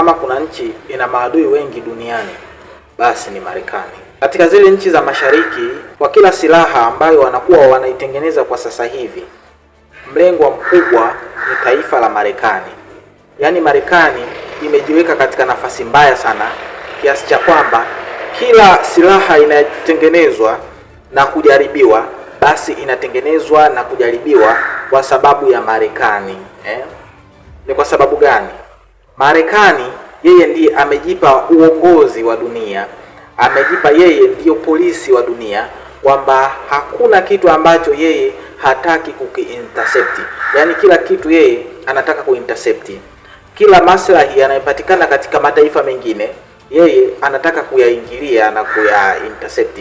kama kuna nchi ina maadui wengi duniani basi ni Marekani. Katika zile nchi za mashariki, kwa kila silaha ambayo wanakuwa wanaitengeneza kwa sasa hivi, mlengwa mkubwa ni taifa la Marekani. Yaani Marekani imejiweka katika nafasi mbaya sana kiasi cha kwamba kila silaha inayotengenezwa na kujaribiwa basi inatengenezwa na kujaribiwa kwa sababu ya Marekani eh? Ni kwa sababu gani? Marekani yeye ndiye amejipa uongozi wa dunia, amejipa yeye ndiyo polisi wa dunia, kwamba hakuna kitu ambacho yeye hataki kukiintercept, yaani kila kitu yeye anataka kuintercept, Kila maslahi yanayopatikana katika mataifa mengine yeye anataka kuyaingilia na kuyaintercept,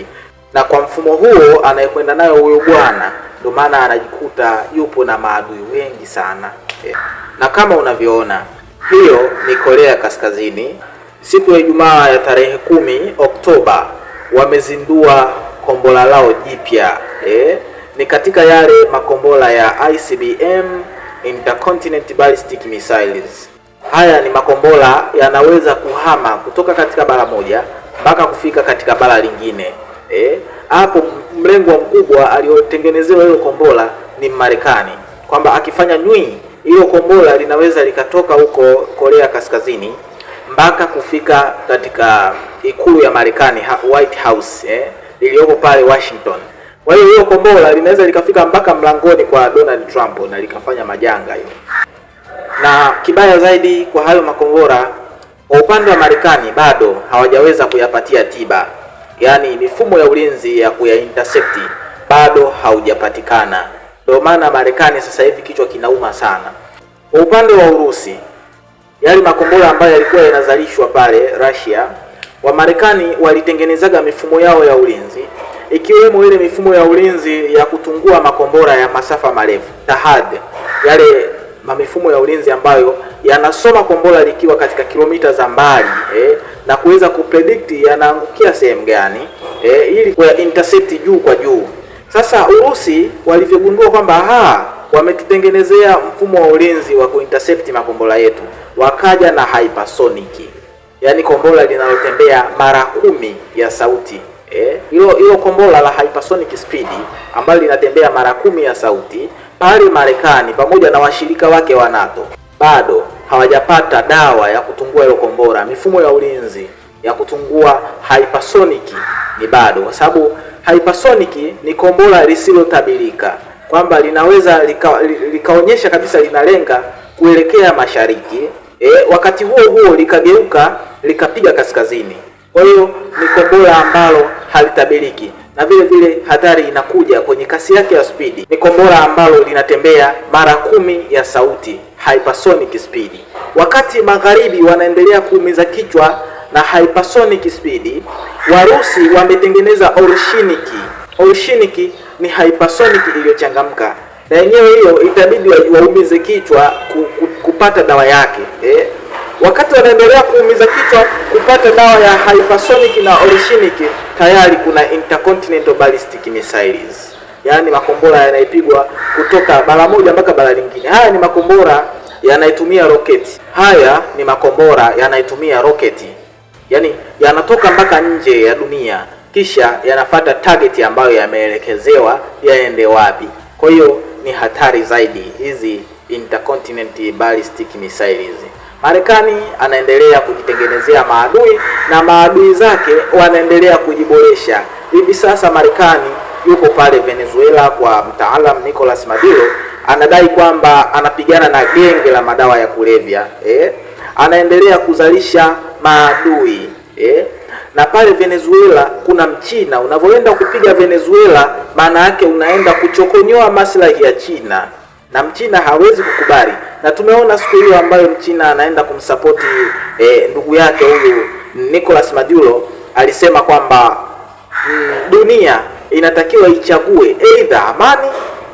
na kwa mfumo huo anayekwenda nayo huyo bwana, ndio maana anajikuta yupo na maadui wengi sana, eh, na kama unavyoona hiyo ni Korea Kaskazini, siku ya Ijumaa ya tarehe kumi Oktoba wamezindua kombora lao jipya eh, ni katika yale makombora ya ICBM Intercontinental Ballistic Missiles. Haya ni makombora yanaweza kuhama kutoka katika bara moja mpaka kufika katika bara lingine e, hapo. Eh, mlengwa mkubwa aliyotengenezewa hilo kombora ni Marekani, kwamba akifanya nywii hilo kombora linaweza likatoka huko Korea Kaskazini mpaka kufika katika ikulu ya Marekani White House eh, liliyoko pale Washington. Kwa hiyo hilo kombora linaweza likafika mpaka mlangoni kwa Donald Trump na likafanya majanga hiyo. Na kibaya zaidi kwa hayo makombora, kwa upande wa Marekani bado hawajaweza kuyapatia tiba, yaani mifumo ya ulinzi ya kuya intercept bado haujapatikana. Ndio maana Marekani sasa hivi kichwa kinauma sana. Kwa upande wa Urusi, yale makombora ambayo yalikuwa yanazalishwa pale Russia, Wamarekani walitengenezaga mifumo yao ya ulinzi ikiwemo ile mifumo ya ulinzi ya kutungua makombora ya masafa marefu Tahad, yale mifumo ya ulinzi ambayo yanasoma kombora likiwa katika kilomita za mbali eh, na kuweza kupredict yanaangukia sehemu gani eh, ili kuya intercept juu kwa juu. Sasa Urusi walivyogundua kwamba wametutengenezea mfumo wa ulinzi wa kuintercept makombora yetu, wakaja na hypersonic, yaani kombora linalotembea mara kumi ya sauti eh, hilo eh, hilo kombora la hypersonic speed ambalo linatembea mara kumi ya sauti pale Marekani pamoja na washirika wake wa NATO bado hawajapata dawa ya kutungua hilo kombora. Mifumo ya ulinzi ya kutungua hypersonic ni bado, kwa sababu hypersonic ni kombora lisilotabirika kwamba linaweza lika, likaonyesha kabisa linalenga kuelekea mashariki e, wakati huo huo likageuka likapiga kaskazini. Kwa hiyo ni kombora ambalo halitabiriki, na vile vile hatari inakuja kwenye kasi yake ya spidi. Ni kombora ambalo linatembea mara kumi ya sauti, hypersonic speed. Wakati magharibi wanaendelea kuumiza kichwa na hypersonic speed, Warusi wametengeneza orishiniki Oceanic ni hypersonic iliyochangamka, na yenyewe hiyo itabidi waumize kichwa ku, ku, kupata dawa yake eh? Wakati wanaendelea kuumiza kichwa kupata dawa ya hypersonic na oceanic, tayari kuna intercontinental ballistic missiles, yaani makombora yanayopigwa kutoka bara moja mpaka bara lingine. Haya ni makombora yanayotumia roketi, haya ni makombora yanayotumia roketi, yaani yanatoka mpaka nje ya dunia kisha yanafata target ambayo yameelekezewa yaende wapi. Kwa hiyo ni hatari zaidi hizi intercontinental ballistic missiles. Marekani anaendelea kujitengenezea maadui na maadui zake wanaendelea kujiboresha. Hivi sasa Marekani yuko pale Venezuela kwa mtaalam Nicolas Maduro, anadai kwamba anapigana na genge la madawa ya kulevya eh? Anaendelea kuzalisha maadui eh? na pale Venezuela kuna Mchina. Unavyoenda kupiga Venezuela, maana yake unaenda kuchokonyoa maslahi ya China na Mchina hawezi kukubali, na tumeona siku hiyo ambayo Mchina anaenda kumsapoti eh, ndugu yake huyu Nicolas Maduro alisema kwamba mm, dunia inatakiwa ichague aidha amani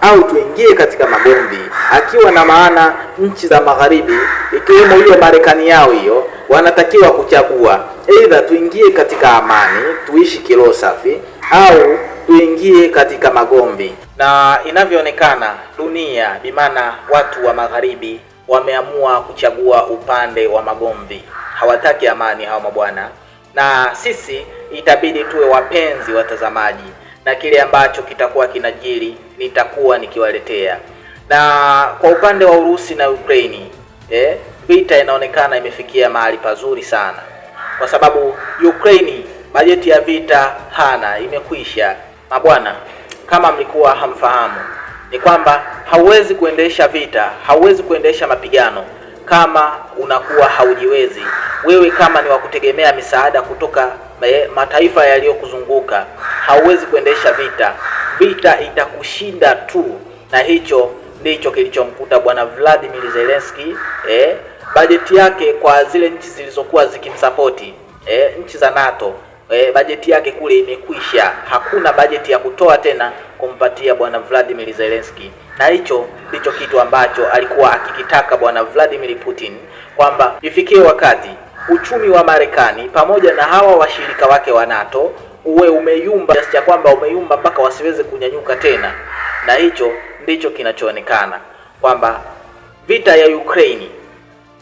au tuingie katika magomvi, akiwa na maana nchi za magharibi ikiwemo ile Marekani yao hiyo, wanatakiwa kuchagua aidha tuingie katika amani, tuishi kiroho safi, au tuingie katika magomvi. Na inavyoonekana dunia, bimaana watu wa magharibi wameamua kuchagua upande wa magomvi, hawataki amani hawa mabwana, na sisi itabidi tuwe wapenzi watazamaji na kile ambacho kitakuwa kinajiri nitakuwa nikiwaletea. Na kwa upande wa Urusi na Ukraini eh, vita inaonekana imefikia mahali pazuri sana, kwa sababu Ukraini bajeti ya vita hana imekwisha. Mabwana, kama mlikuwa hamfahamu, ni kwamba hauwezi kuendesha vita, hauwezi kuendesha mapigano kama unakuwa haujiwezi wewe, kama ni wa kutegemea misaada kutoka eh, mataifa yaliyokuzunguka hauwezi kuendesha vita, vita itakushinda tu, na hicho ndicho kilichomkuta bwana Vladimir Zelensky eh, bajeti yake kwa zile nchi zilizokuwa zikimsapoti eh, nchi za NATO eh, bajeti yake kule imekwisha, hakuna bajeti ya kutoa tena kumpatia bwana Vladimir Zelensky, na hicho ndicho kitu ambacho alikuwa akikitaka bwana Vladimir Putin kwamba ifikie wakati uchumi wa Marekani pamoja na hawa washirika wake wa NATO uwe umeyumba kiasi cha kwamba umeyumba mpaka wasiweze kunyanyuka tena, na hicho ndicho kinachoonekana kwamba vita ya Ukraine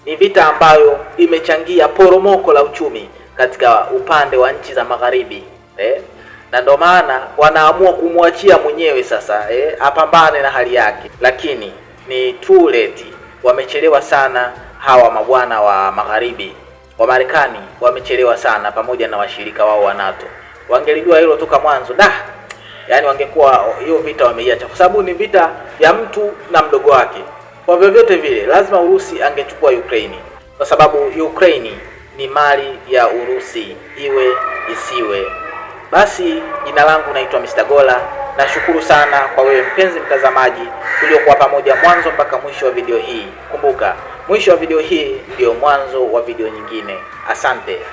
ni vita ambayo imechangia poromoko la uchumi katika upande wa nchi za magharibi eh? na ndio maana wanaamua kumwachia mwenyewe sasa eh? apambane na hali yake, lakini ni too late. Wamechelewa sana hawa mabwana wa magharibi, Wamarekani wamechelewa sana, pamoja na washirika wao wa NATO. Wangelijua hilo toka mwanzo da, yani wangekuwa hiyo vita wameiacha, kwa sababu ni vita ya mtu na mdogo wake. Kwa vyovyote vile, lazima Urusi angechukua Ukraini kwa sababu Ukraini ni mali ya Urusi, iwe isiwe. Basi jina langu naitwa Mr. Gola. Nashukuru sana kwa wewe mpenzi mtazamaji uliokuwa pamoja mwanzo mpaka mwisho wa video hii. Kumbuka, mwisho wa video hii ndio mwanzo wa video nyingine. Asante.